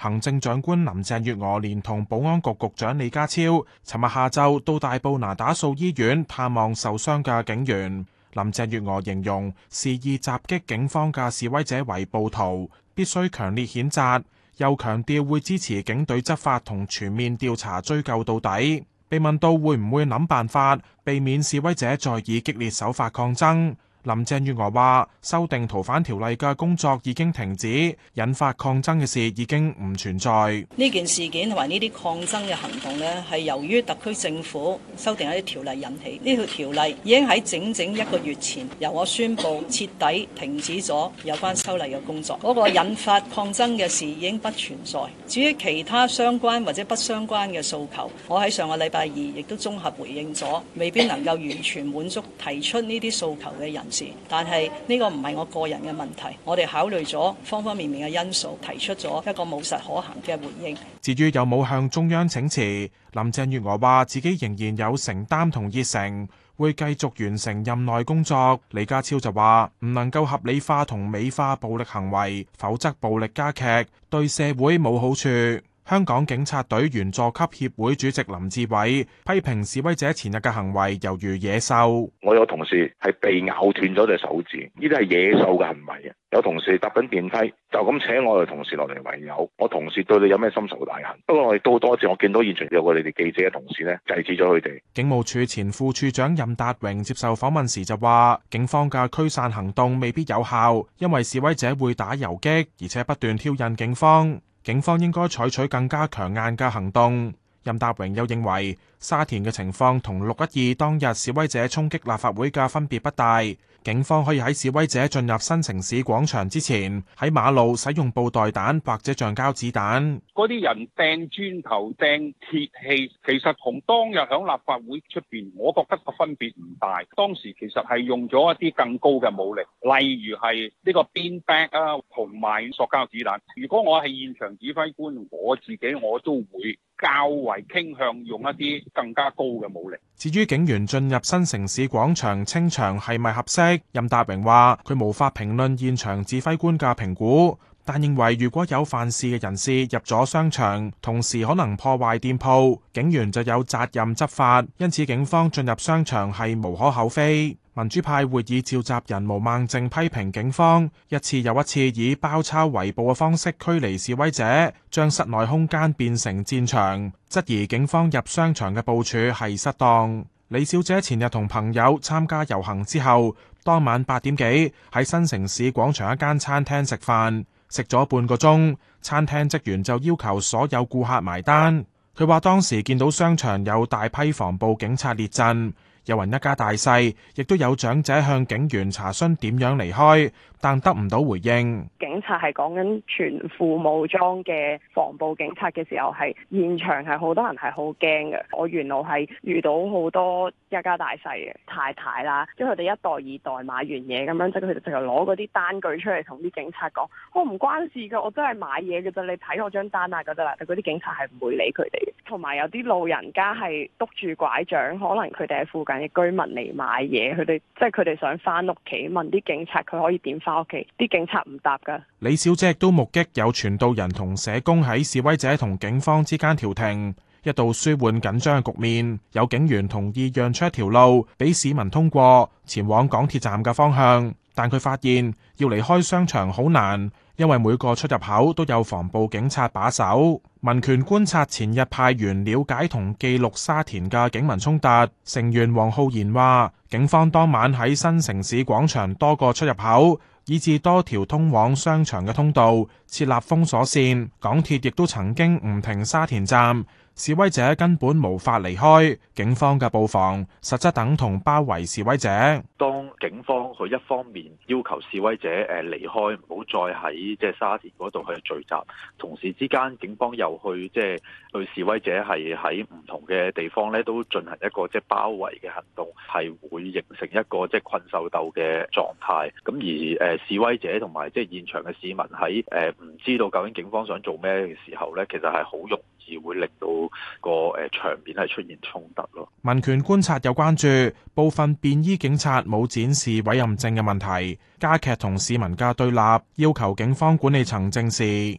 行政長官林鄭月娥連同保安局局長李家超，尋日下晝到大埔那打素醫院探望受傷嘅警員。林鄭月娥形容示意襲擊警方嘅示威者為暴徒，必須強烈譴責。又強調會支持警隊執法同全面調查追究到底。被問到會唔會諗辦法避免示威者再以激烈手法抗爭？林鄭月娥話：修訂逃犯條例嘅工作已經停止，引發抗爭嘅事已經唔存在。呢件事件同埋呢啲抗爭嘅行動呢，係由於特區政府修訂一啲條例引起。呢條條例已經喺整整一個月前由我宣布徹底停止咗有關修例嘅工作。嗰個引發抗爭嘅事已經不存在。至於其他相關或者不相關嘅訴求，我喺上個禮拜二亦都綜合回應咗，未必能夠完全滿足提出呢啲訴求嘅人。但係呢個唔係我個人嘅問題，我哋考慮咗方方面面嘅因素，提出咗一個務實可行嘅回應。至於有冇向中央請辭，林鄭月娥話自己仍然有承擔同熱誠，會繼續完成任內工作。李家超就話唔能夠合理化同美化暴力行為，否則暴力加劇，對社會冇好處。香港警察隊員佐級協會主席林志偉批評示威者前日嘅行為猶如野獸。我有同事係被咬斷咗隻手指，呢啲係野獸嘅行為啊！有同事搭緊電梯就咁扯我哋同事落嚟圍毆，我同事對你有咩深仇大恨？不過我哋都多謝，我見到現場有個你哋記者嘅同事咧制止咗佢哋。警務處前副處長任達榮接受訪問時就話，警方嘅驅散行動未必有效，因為示威者會打游擊，而且不斷挑釁警方。警方應該採取更加強硬嘅行動。任達榮又認為沙田嘅情況同六一二當日示威者衝擊立法會嘅分別不大，警方可以喺示威者進入新城市廣場之前喺馬路使用布袋彈或者橡膠子彈。嗰啲人掟磚頭、掟鐵器，其實同當日響立法會出邊，我覺得個分別唔大。當時其實係用咗一啲更高嘅武力，例如係呢個 beanbag 啊同埋塑膠子彈。如果我係現場指揮官，我自己我都會。較為傾向用一啲更加高嘅武力。至於警員進入新城市廣場清場係咪合適？任達榮話：佢無法評論現場指揮官嘅評估，但認為如果有犯事嘅人士入咗商場，同時可能破壞店鋪，警員就有責任執法，因此警方進入商場係無可厚非。民主派會議召集人毛孟靜批評警方一次又一次以包抄圍捕嘅方式驅離示威者，將室內空間變成戰場，質疑警方入商場嘅部署係失當。李小姐前日同朋友參加遊行之後，當晚八點幾喺新城市廣場一間餐廳食飯，食咗半個鐘，餐廳職員就要求所有顧客埋單。佢話當時見到商場有大批防暴警察列陣。有人一家大細，亦都有長者向警員查詢點樣離開，但得唔到回應。警察係講緊全副武裝嘅防暴警察嘅時候，係現場係好多人係好驚嘅。我沿路係遇到好多一家大細嘅太太啦，即係佢哋一代二代買完嘢咁樣，即係佢哋就攞嗰啲單據出嚟同啲警察講，我、哦、唔關事嘅，我真係買嘢嘅啫，你睇我張單啊，得啦。但嗰啲警察係唔會理佢哋。同埋有啲老人家係篤住拐杖，可能佢哋喺附近。居民嚟買嘢，佢哋即係佢哋想翻屋企，問啲警察佢可以點翻屋企，啲警察唔答㗎。李小姐亦都目擊有傳道人同社工喺示威者同警方之間調停。一度舒緩緊張嘅局面，有警員同意讓出一條路俾市民通過前往港鐵站嘅方向。但佢發現要離開商場好難，因為每個出入口都有防暴警察把守。民權觀察前日派員了解同記錄沙田嘅警民衝突，成員王浩賢話，警方當晚喺新城市廣場多個出入口，以至多條通往商場嘅通道設立封鎖線。港鐵亦都曾經唔停沙田站。示威者根本無法離開，警方嘅布防實質等同包圍示威者。當警方佢一方面要求示威者誒離開，唔好再喺即沙田嗰度去聚集，同時之間警方又去即係對示威者係喺唔同嘅地方咧都進行一個即係包圍嘅行動，係會形成一個即係困獸鬥嘅狀態，咁而誒示威者同埋即係現場嘅市民喺誒唔知道究竟警方想做咩嘅時候咧，其實係好容。而會令到個誒場面係出現衝突咯。民權觀察有關注部分便衣警察冇展示委任證嘅問題，加劇同市民嘅對立，要求警方管理層正視。